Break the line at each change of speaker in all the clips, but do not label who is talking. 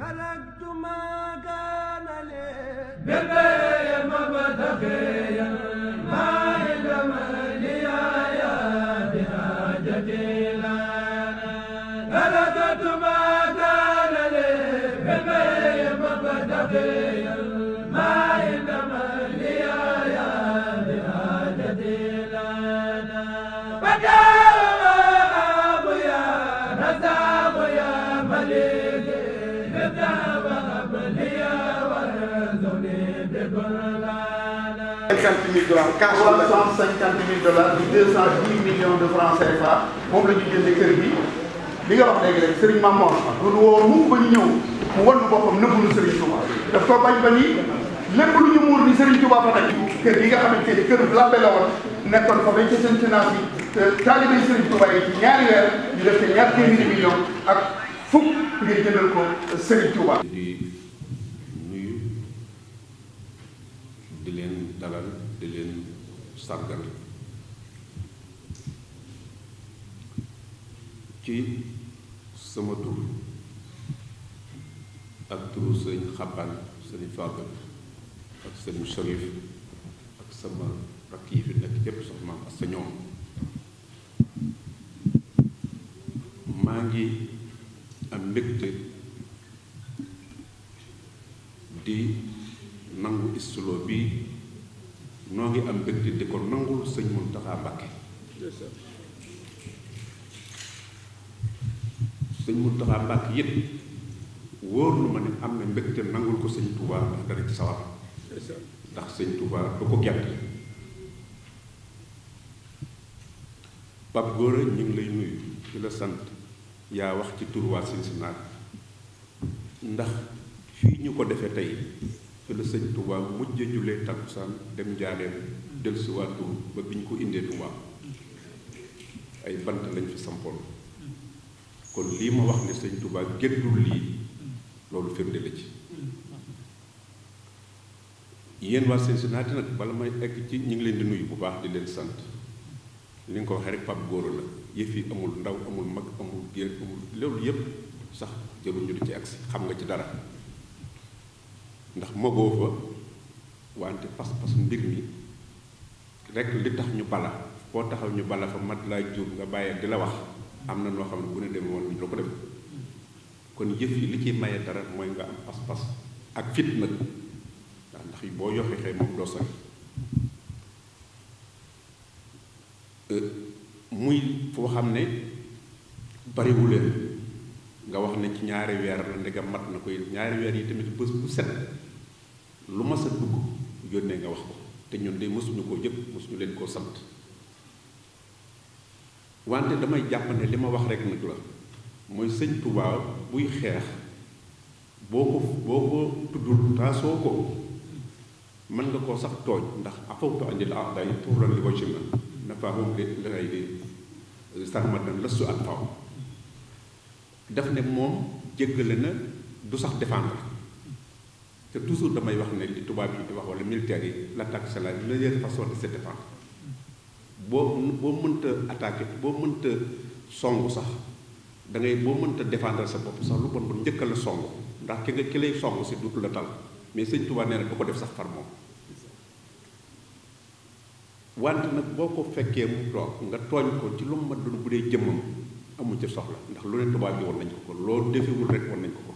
تركت ما كان لي بقي مبتغيا cinquante mille dollars. quatre cent cinquante mille dollars di deux cent dix millions de francs CFA moom la ñu jëndee kër bi li nga wax léegi rek Serigne Mamor loolu woo mu ba ñu ñëw mu wan boppam nëbbu Serigne Touba daf ko bañ ba ni lépp lu ñu muur ni Serigne Touba fa tey kër yi nga xamante ni kër lambe la woon nekkoon fa bañ ca seen finance bi te taalibe Serigne Touba yi ci ñaari weer ñu def te ñaar téeméeri millions ak fukk ngir jëndal ko Serigne Touba. di nuyu di leen dalal. sargal ci sama tur ak turu sëñ xabbaan sëñ Fadal ak sëñ Sharif ak sama rakk yi fi nekk yépp sax sa ñoom maa ngi am mbégte sëñ Muntaxa Mbàkke sëñ Muntaxa Mbàkke yëpp wóor lu ma ne am na mbégte nangul ko sëñ Tuubaa ndax dara ci ndax sëñ Tuubaa du ko gerte Pape Gora ñu ngi lay nuyu fi la sant yaa wax ci turwaa Cincinnati ndax fii ñu ko defee tey fi la sëñ Tuubaa mujj a jullee takkusaan dem njaaleen del siwaat ko ba bi ñu ko indee Tuubaa ay bant lañ fi sampoon kon lii ma wax ne sëñ Tuubaa géddul lii loolu firnde ci yéen waa Cincinnati nag bala may egg ci ñu ngi leen di nuyu bu baax di leen sant li nga ko waxee rek Pape Gora la yëf yi amul ndaw amul mag amul géer amul loolu yépp sax jëlu ñu ci agsi xam nga ci dara ndax magoo fa wante pas-pas mbir mi rek li tax ñu bala foo taxaw ñu bala fa mat laa jur nga bàyyi di la wax am na noo xam ne bu ne demee woon lu ko dem kon jëf yi li ciy maye dara mooy nga am pas-pas ak fit nag waaw ndax boo yoxe xee moom doo sori euh, muy foo xam ne bariwuleen nga wax ne ci ñaari weer la ndegam mat na koy ñaari weer yi tamit bés bu set lu ma set dugg yónnee nga wax ko te ñun de mosuñu koo yëpp mosuñu leen koo sant wante damay jàpp li ma wax rek nag la mooy sëñ Tuubaa buy xeex boo ko boo ko tuddul taasoo ko mën nga koo sax tooñ ndax afawtu anil a'daa'i turran li wajhi man nafaahum li ghayri sarmatan lastu at faw daf ne moom jéggale na du sax défendre te toujours damay wax ne li tubaab yi di wax wala militaire yi l'attaque c'est la meilleure façon de se défendre boo boo mënta attaqué boo mënta songu sax dangay boo mënta défendre sa bopp sax lu bon bon njëkka la songu ndax ki nga ki lay songu si duutu la tal mais sëñ tubaab nee na du ko def sax far moom wante nag boo ko fekkee mu toog nga tooñ ko ci lu mu ma doon bu dee jëmmam amu ci soxla ndax lu ne tubaab bi woon nañ ko ko loo defewul rek woon nañ ko ko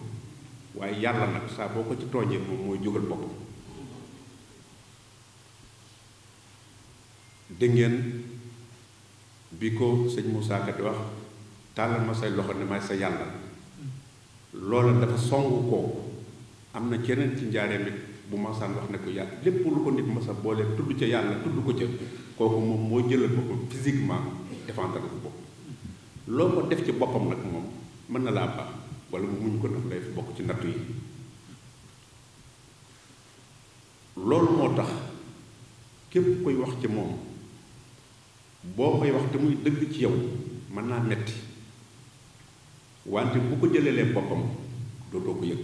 waaye yàlla nag saa boo ko ci tooñee moom mooy jógal boppam dégg bi ko sëñ Moussa Ka di wax tàllal ma say loxo ne may sa yàlla loola dafa songu kooku am na keneen ci njaareem it bu masaan wax ne ko yàlla lépp lu ko nit masa boole tudd ca yàlla tudd ko ca kooku moom moo jëlal boppam physiquement défendre ko bopp loo ko def ci boppam nag moom mën na laa baax wala mu muñ ko daf lay bokk ci nattu yi loolu moo tax képp koy wax ci moom boo koy wax te muy dëgg ci yow mën naa metti wante bu ko jëlee jëlelee boppam dootoo ko yëg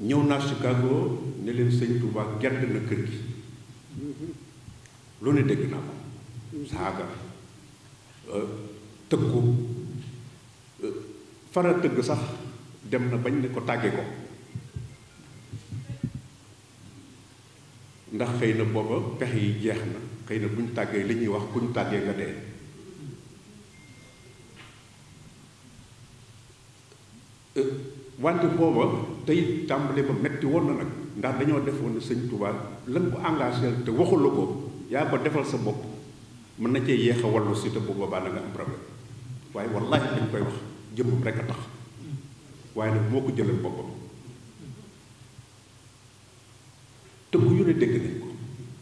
ñëw naa Chicago ne leen sëñ Touba na kër gi lu ne dégg naa ko saaga tëkku faral tëgg sax dem na bañ ne ko tàggee ko ndax xëy na booba pex yi jeex na xëy na buñ tàggee li ñuy wax kuñ tàggee nga dee euh, wante booba tey tàmbale ba metti woon na nag ndax dañoo defoon ne sëñ Tuubaa lan ko engagé te waxul la ko yaa ko defal sa bopp mën na cee yéex wallu si te bu boobaa da am problème waaye wallaahi dañ koy wax jëmmam rek a tax waaye nag moo ko jëlal boppam tëgg yu ne dégg nañ ko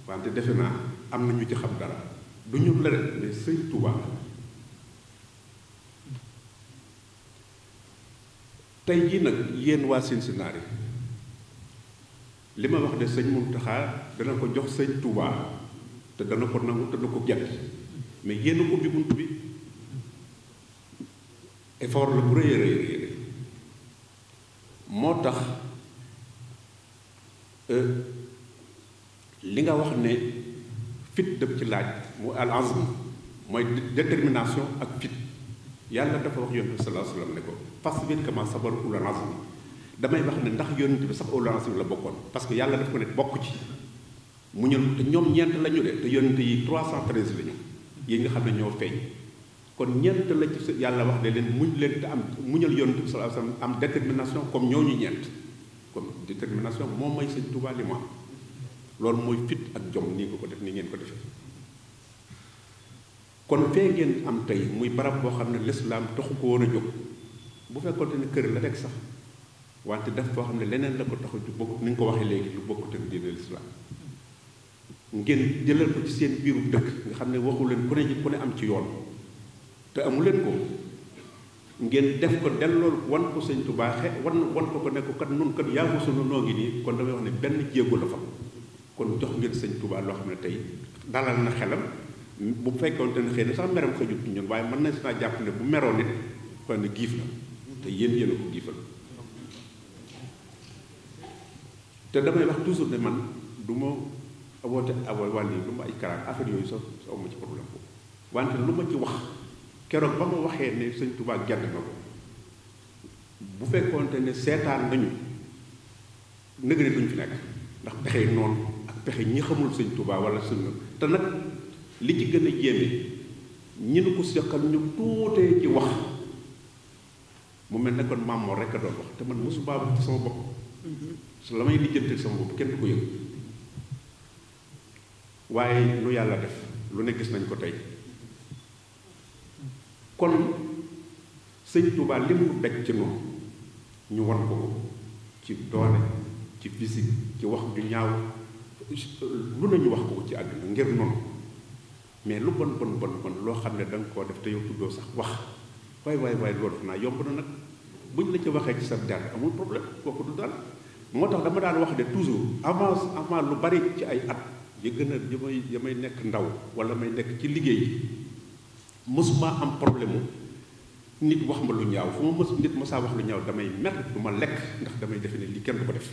wante defe naa am na ñu ci xam dara du ñun la rek sëñ Tuubaa tey jii nag yenn waa Cincinnati li ma wax de sëñ Muntaxa dana ko jox sëñ Tuubaa te dana ko nangu te dana ko jàpp mais yéen ubbi bunt bi effort la bu rëy a rëy moo tax euh, li nga wax ne fit dëpp ci laaj mu al azm mooy détermination ak fit yàlla dafa wax yonent bi sallallahu alayhi wa sallam ne ko fasbir kama sabara ulul azmi damay wax ne ndax yonent bi sax ulul azmi la bokkoon parce que yàlla daf ko ne bokk ci mu ñu te ñoom ñeent lañu ñu de te yonent yi 313 la ñu yi nga xam ne ñoo feeñ kon ñeent la ci yàlla wax ne leen muñ leen te am muñal yonent bi sallallahu alayhi wasallam am détermination comme ñooñu ñeent comme détermination moo may sëñ Tuubaa li mu am loolu mooy fit ak jom ni nga ko def nii ngeen ko defee kon fee ngeen am tey muy barab boo xam ne lislaam taxu ko woon a jóg bu fekkoonte ne kër la rek wante def foo xam ne leneen la ko taxu ju bokk ni nga ko waxee léegi lu bokkut ak diine lislaam ngeen jëlal ko ci seen biiru dëkk nga xam ne waxu leen ku ne ji ku ne am ci yoon te amu leen ko ngeen def ko delloo wan ko sëñ Tuubaa xe wan wan ko ko ne ko kat nun kat yaa ko sunu noo ngi nii kon damay wax ne benn jéego la fa kon jox ngeen sëñ tubaa loo xam ne tey dalal na xelam bu fekkoon te ne xëy na sax meram xëjut ñun waaye mën nañ saa jàpp ne bu meroo nit xam ne giif la te yéen yéen a ko giifal te damay wax toujours ne man du ma woote awa wàll yi du ma ay karaat affaire yooyu sax aw ma ci problème boobu wante lu ma ci wax keroog ba mu waxee ne sëñ tubaab jant na ko bu fekkoonte ne seetaan nañu nëgëri duñ fi nekk ndax pexe noonu ak pexe ñi xamul sëñ Tuubaa wala sunna te nag li ci gën a yéeme ñi nu ko seqal ñu tuutee ci wax mu mel ne kon maam Mor a doon wax te man mosu baa ci sama bopp su la may lijjantil sama bopp kenn ko yëg waaye lu yàlla def lu ne gis nañ ko tey kon sëñ Touba li mu daj ci noonu ñu won ko ci doole ci physique ci wax ju ñaaw lu nañu wax ko ci àdduna ngir noonu mais lu bon bon bon loo xam ne da nga koo def te yow tuddoo sax wax waay waay waaye loolu def naa yomb na nag buñ la ci waxee ci sa der amul problème kooku du daal moo tax dama daan wax de toujours avance avant lu bari ci ay at yi gën a yi may yi may nekk ndaw wala may nekk ci liggéey mësuma am problème nit wax ma lu ñaaw fu ma mës nit mësaa wax lu ñaaw damay mer du ma lekk ndax damay defe ne li kenn du ko def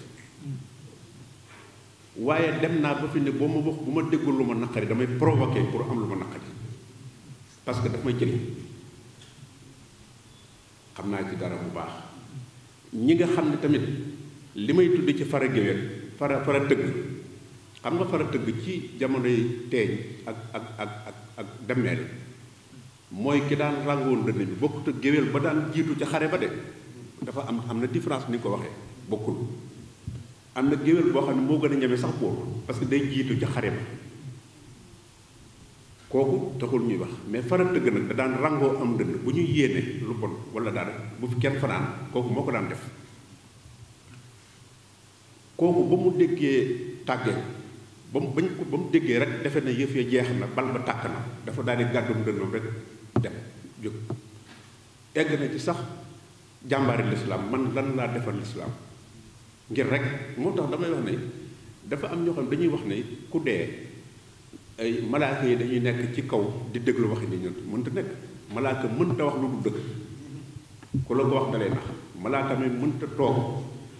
waaye dem naa ba fi ne boo ma wax bu ma déggul lu ma naqari damay provoqué pour am lu ma naqari parce que daf may jëriñ xam naa ci dara bu baax ñi nga xam ne tamit li may tudd ci fara géwél fara fara tëgg xam nga fara tëgg ci jamonoy teeñ ak ak ak ak ak demeel mooy ki daan rangoon dënn bi bokkut ak géwél ba daan jiitu ca xare ba de dafa am am na différence ni ko waxee bokkul am na géwél boo xam ne moo gën a ñeme sax boobu parce que day jiitu ca xare ba kooku taxul ñuy wax mais faral dëgg nag daan rangoo am dënn bu ñuy yéene lu bon wala dara bu fi kenn fanaan kooku moo ko daan def kooku ba mu déggee tàggee ba mu bañ ko ba mu déggee rek defe na yëf ya jeex na bal ba tàkk na dafa daal di gàddum dënnam rek dem jóg egg na ci sax jàmbaari lislaam man lan laa defal lislaam ngir rek moo tax damay wax ne dafa am ñoo xam dañuy wax ne ku dee ay malaaka yi dañuy nekk ci kaw di déglu waxi ni ñun mënta nekk malaaka mënta wax lu dul dëgg ku la ko wax dalee nax malaaka mi mënta toog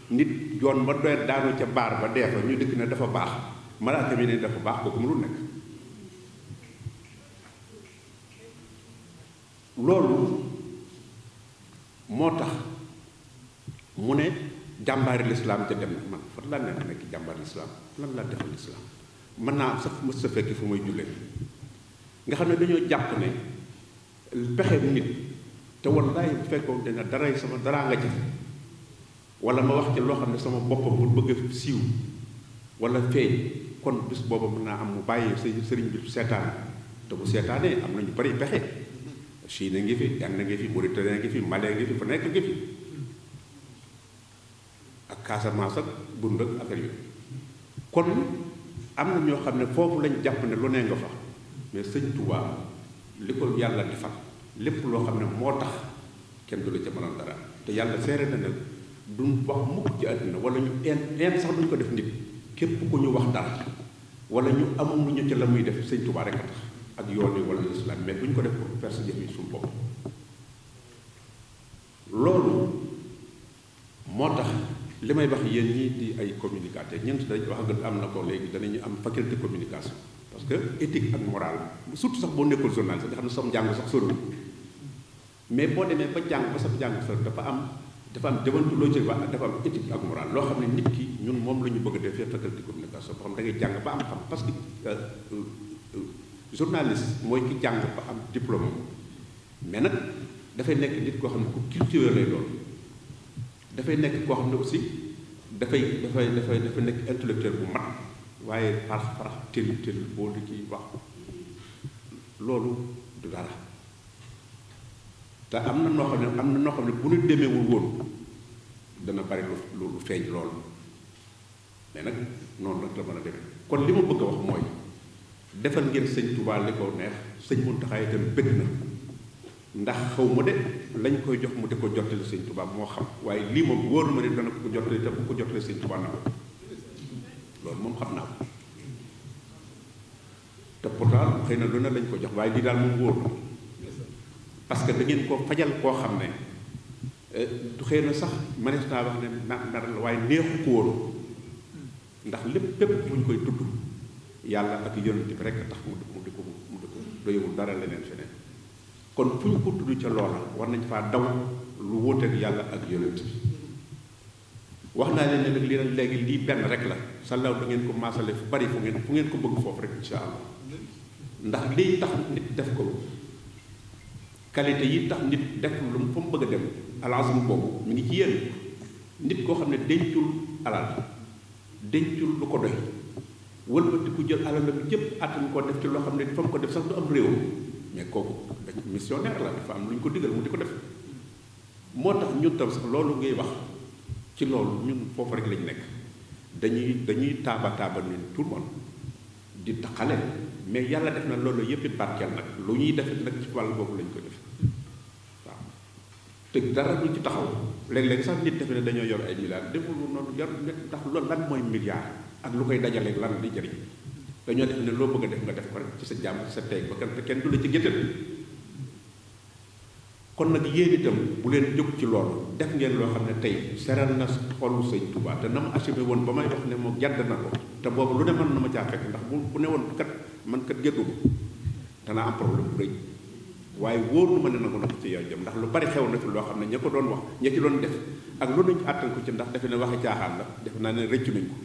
nit yoon ma doy daanu ca baar ba dee fa ñu dëkk ne dafa baax malaaka mi ne dafa baax ko mënul nekk loolu moo tax mu ne jàmbaari lislaam ca dem na man fan laa nekk nekk jàmbaari lislaam lan laa defal lislaam mën naa sax ma sa fekki fu may jullee nga xam ne dañoo jàpp ne pexe nit te wallaay bu fekkoon dana daray sama daraa nga ci wala ma wax ci loo xam ne sama boppam bu bëgg a siiw wala feeñ kon bis booba mën naa am mu bàyyi sëriñ bi seetaan te bu seetaanee am na ñu bari pexe Chine ngi fi Inde ngi fi Mauritanie ngi fi Mali ngi fi fu nekk ngi fi ak Casamance ak Bund ak affaire kon am na ñoo xam ne foofu lañ jàpp ne lu ne nga fa mais sëñ Touba li ko yàlla defal lépp loo xam ne moo tax kenn du la ca mënal dara te yàlla seere na ne duñ wax mukk ci àddina wala ñu een een sax duñ ko def nit képp ku ñu wax dara wala ñu amul ñu ca la muy def sëñ Touba rek a tax ak yoon yi wala lislaam mais bu ñu ko def pour perse jëf yi suñu bopp loolu moo tax li may wax yéen ñii di ay communicateur ñeent dañ wax nga am na ko léegi danañu am faculté communication parce que éthique ak morale surtout sax boo nekkul journaliste nga xam ne sam njàng sax soriwul mais boo demee ba jàng ba sam njàng sori dafa am dafa loo déontologie dafa am éthique ak morale loo xam ne nit ki ñun moom la ñu bëgg a defee faculté communication boo xam da ngay jàng ba am parce que euh, euh, euh, journaliste mooy ki jàng ba am diplôme mais nag dafay nekk nit koo xam ne ku cultivé lay doon dafay nekk koo xam ne aussi dafay dafay dafay dafay nekk intellectuel bu mat waaye parax parax tël tël boo di ci wax loolu du dara te am na noo xam ne am na noo xam ne bu ñu demeewul woon dana bari lu lu feeñ loolu mais nag noonu nag la mën a demee kon li mu bëgg a wax mooy defal ngeen sëñ Touba li ko neex sëñ Mountakha itam bëgg na ndax xaw ma de lañ koy jox mu di ko jottali sëñ Touba moo xam waaye lii moom wóor ma ne dana ko jottali te bu ko jottali sëñ Touba na ko loolu moom xam naa ko te pourtant xëy na lu ne lañ ko jox waaye lii daal moom wóor na parce que da ngeen ko fajal koo xam ne eh, xëy na sax manees naa wax ne naral waaye neexu ko woon ndax lépp lépp buñ koy tudd yàlla ak yonent bi rek tax mu mu ko mu di ko doyewul dara leneen feneen kon fu ñu ko tudd ca loola war nañ faa daw lu wóoteek yàlla ak yonent bi wax naa leen ne li lii nag léegi lii benn rek la sàllaw du ngeen ko maasale fu bari fu ngeen fu ngeen ko bëgg foofu rek insha allah ndax liy tax nit def ko qualité yi tax nit def lu mu fa mu bëgg a dem alazam boobu mu ngi ci yéen nit koo xam ne dencul alal dencul lu ko doy wëlbati ku jël alalam yëpp attan koo def ci loo xam ne fa mu ko def sax du am réew mais kooku dañ missionnaire la dafa am lu ñu ko digal mu di ko def moo tax ñun tam sax loolu ngay wax ci loolu ñun foofu rek lañu nekk dañuy dañuy taaba taaba ni tout le monde di taqale mais yàlla def na loolu yëpp it barkeel nag lu ñuy defe nag ci wàll boobu lañ ko def waaw te dara du ci taxaw léeg-léeg sax nit defe ne dañoo yor ay milliards deful noonu yor ndax loolu lan mooy milliard ak lu koy dajalee lan di jëriñ dañoo def ne loo bëgg a def nga def ko rek ci sa jàmm ci sa teeg ba kenn kenn du la ci géttal kon nag yéen itam bu leen jóg ci loolu def ngeen loo xam ne tey seral na xolu sëñ Tuubaa te na mu assumé woon ba may wax ne moom jadd na ko te boobu lu ne mën na ma caa fekk ndax bu bu ne woon kat man kat gédduma danaa am problème bu rëy waaye wóor nu ma ne na ko ci yow jëm ndax lu bari xew na fi loo xam ne ña ko doon wax ña ci doon def ak ko ci ndax defe ne waxi caaxaan la naa ne rëccu ko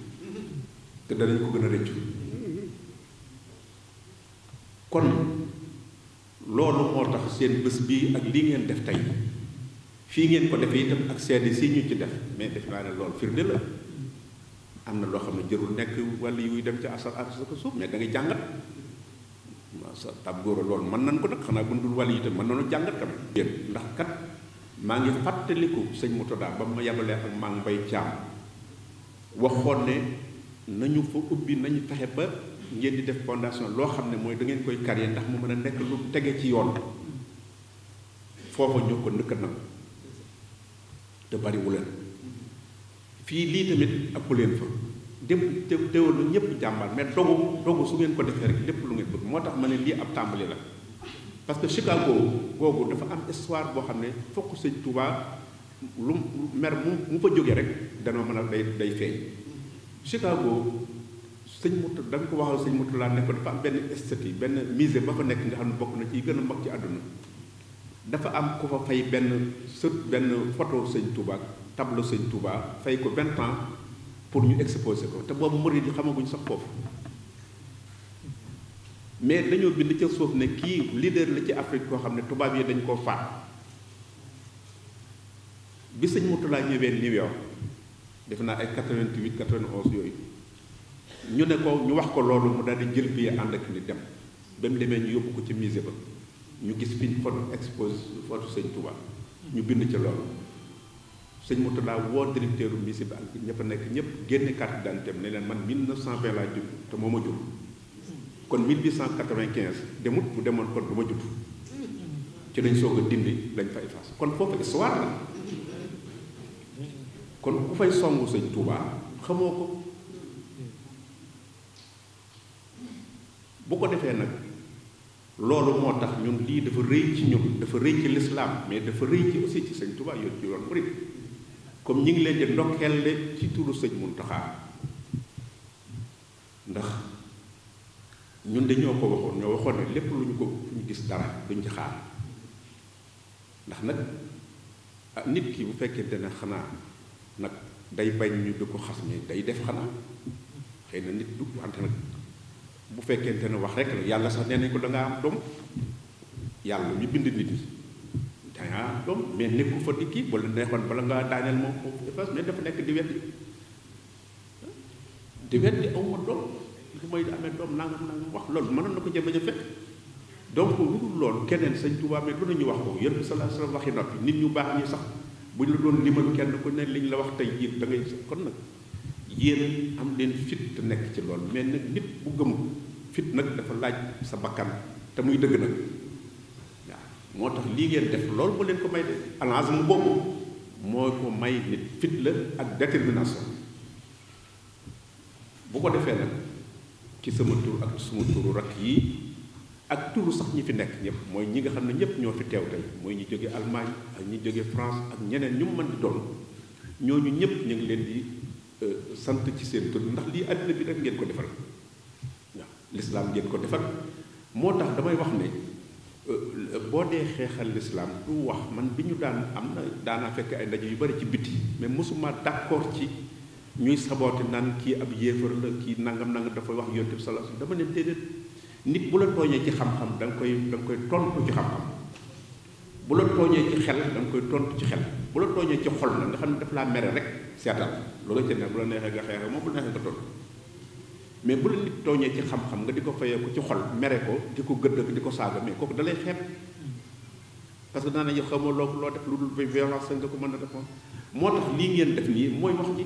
te danañ ko gën a rëccu kon loolu moo tax seen bés bii ak lii ngeen def tey fii ngeen ko defee itam ak seede si ñu ci def mais def naa ne loolu firnde la am na loo xam ne jërul nekk wala yuy dem ci asal asal ko suuf mais da ngay jàngat waaw sa tab góor loolu mën nañ ko nag xanaa bu dul wàll yi itam mën nañu jàngat tamit ndax kat maa ngi fàttaliku sëñ Moutada ba ma yabalee ak maa ngi bay caam waxoon ne nañu fa ubbi nañu fexe ba ngeen di def fondation loo xam ne mooy dangeen ngeen koy carrier ndax mu mën a nekk lu tege ci yoon foofa ñoo ko nëkk nag te bariwuleen fii lii tamit ëpp leen fa dem te teewal lu ñëpp jàmbaar mais dogu dogu su ngeen ko defee rek lépp lu ngeen bëgg moo tax ma ne lii ab tàmbali la parce que Chicago googu dafa am histoire boo xam ne fokk sëñ Touba lu mer mu mu fa jógee rek danoo mën a day day feeñ Chicago sëñ Mouta da nga ko waxal sëñ Mouta laa ne ko dafa am benn esthétique benn musée ba fa nekk nga xam ne bokk na ci gën a mag ci àdduna dafa am ko fa fay benn sët benn photo sëñ Touba tableau sëñ Touba fay ko vingt ans pour ñu exposer ko te boobu murid yi xamaguñ sax foofu mais dañoo bind ca suuf ne kii leader la ci Afrique koo xam ne tubaab yi dañu koo faat bi sëñ Mouta laa ñëwee New York defe naa ay 88 91 yooyu ñu ne ko ñu wax ko loolu mu daal di jël billet ànd ak ni dem ba mu demee ñu yóbbu ko ci musée ba ñu gis fi ñu photo expose photo sëñ Touba ñu bind ci loolu sëñ Moutalla woo directeur musée bi ak ñëpp nekk ñëpp génne carte d'identité ne leen man 1920 laa jur te moo ma jur kon 1895 demut bu demoon kon du ma jut ci lañ soog a dindi lañ fa efface kon foofu histoire la kon ku fay songu sëñ Tuubaa xamoo ko bu ko defee nag loolu moo tax ñun lii dafa rëy ci ñun dafa rëy ci lislaam mais dafa rëy ci aussi ci sañ tubaa yoon ci yoon murid comme ñu ngi leen di ndokkeel le ci turu sëñ Muntaxaa ndax ñun de dañoo ko waxoon ñoo waxoon ne lépp lu ñu ko fu ñu gis dara duñ ci xaar ndax nag ah, nit ki bu fekkente ne xanaa nag day bañ ñu di ko xas mais day def xanaa xëy na nit du wante nag bu fekkente ne wax rek la yàlla sax nee nañ ko da ngaa am doom yàlla ñu bind nit ñi dangaa am doom mais nekku fa di kii wala neexoon bala ngaa daaneel moom foofu mais dafa nekk di weddi di weddi aw ma doom li may amee doom nangam nangam wax loolu mënoon na ko jëmbañ a fekk donc lu dul loolu keneen sëñ Tuubaa mais lu nañu wax ko yéen bi sallallahu alayhi wa waxi noppi nit ñu baax ñi sax bu ñu la doon limal kenn ku ne liñ la wax tey yéen da ngay kon nag yéen am leen fit te nekk ci lool mais nag nit bu gëmul fit nag dafa laaj sa bakkan te muy dëgg nag waaw moo tax lii ngeen def loolu bu leen ko may de alance mu boobu moo ko may nit fit la ak détermination bu ko defee nag ci sama tur ak suma turu rakk yi ak turu sax ñi fi nekk ñëpp mooy ñi nga xam ne ñëpp ñoo fi teew tey mooy ñi jóge Allemagne ak ñi jóge France ak ñeneen ñu mu mën di doon ñooñu ñëpp ñu ngi leen di euh, sant ci seen tur ndax lii àddina bi rek ngeen ko defal waaw
lislaam ngeen ko defal
moo tax damay wax ne euh, boo dee xeexal lislaam du wax man bi ñu daan am na daanaa fekk ay ndaje yu bari ci biti mais mosuma d'accord ci ñuy saboote naan kii ab yéefar la kii nangam nangam dafa wax yonte bi sallallahu dama ne déedéet nit bu la tooñee ci xam-xam da nga koy da nga koy tontu ci xam-xam bu la tooñee ci xel da nga koy tontu ci xel bu la tooñee ci xol na nga xam ne daf laa mere rek seetal loolu ca ne bu la neexee nga xeexee la mais bu la nit tooñee ci xam-xam nga di ko fayee ko ci xol mere ko di ko gëdd ak di ko saaga mais kooku da lay xeeb parce que daanaka yow xamoo loo loo def lu dul violence nga ko mën a defoon moo tax lii ngeen def nii mooy wax ji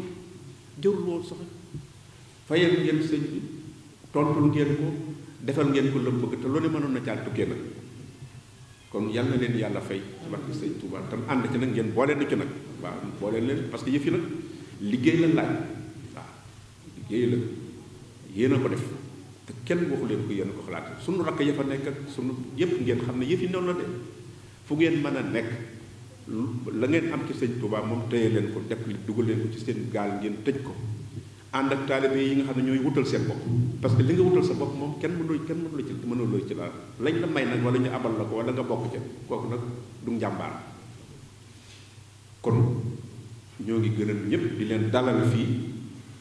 jërul woon sax fayal ngeen sëñ bi ngeen ko. defal ngeen ko lëm bëgg te loolu mënoon na caal tukkee kon yal na leen yàlla fay ci barke sëñ Touba tam ànd ci nag ngeen booleen na ci nag waaw booleen leen parce que yëf yi nag liggéey la laaj waaw liggéey la yéen a ko def te kenn waxu ko yéen a ko xalaat sunu rakk ya fa nekk ak sunu yëpp ngeen xam ne yëf yi noonu la de fu ngeen mën a nekk lu la ngeen am ci sëñ Touba moom téye leen ko def li dugal leen ci seen gaal ngeen tëj ko ànd ak taalibe yi nga xam ne ñooy wutal seen bopp parce que li nga wutal sa bopp moom kenn mënuloo kenn mënuloo ci mënuloo ci la lañ la may nag wala ñu abal la ko wala nga bokk ca kooku nag du njàmbaar kon ñoo ngi gënal ñëpp di leen dalal fii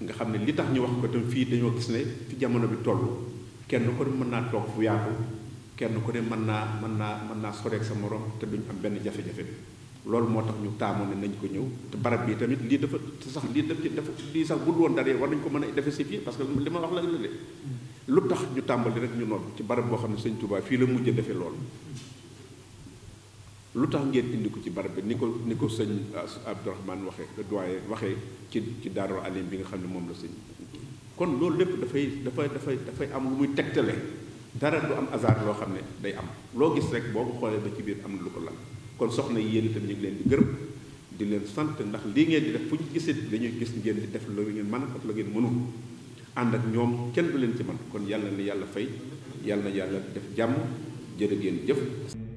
nga xam ne li tax ñu wax ko tam fii dañoo gis ne fi jamono bi toll kenn ko ne mën naa toog fu yaatu kenn ko ne mën naa mën naa mën naa soreek sa moroom te duñ am benn jafe-jafe loolu moo tax ñu taamu ne nañ ko ñëw te barab bi tamit lii dafa sax lii daf ci dafa lii sax budul woon dara war nañ ko mën a defe si fii parce que li ma wax la la lu tax ñu tàmbali rek ñu nodd ci barab boo xam ne sëñ Touba fii la mujj defee loolu tax ngeen indi ko ci barab bi ni ko ni ko sëñ Abdourahmane waxee doyen waxee ci ci Daarul Alim bi nga xam ne moom la sëñ kon loolu lépp dafay dafay dafay dafay am lu muy tegtale dara du am hasard loo xam ne day am loo gis rek boo ko xoolee ba ci biir am na lu ko lan kon soxna yi yéen itam ñu ngi leen di gërëm di leen sant ndax lii ngeen di def fu ñu gisee dañuy gis ngeen di def lu ngeen man ak lu ngeen mënul ànd ak ñoom kenn du leen ci man kon yàlla na yàlla fay yàlla na yàlla def jàmm jërë ngeen jëf.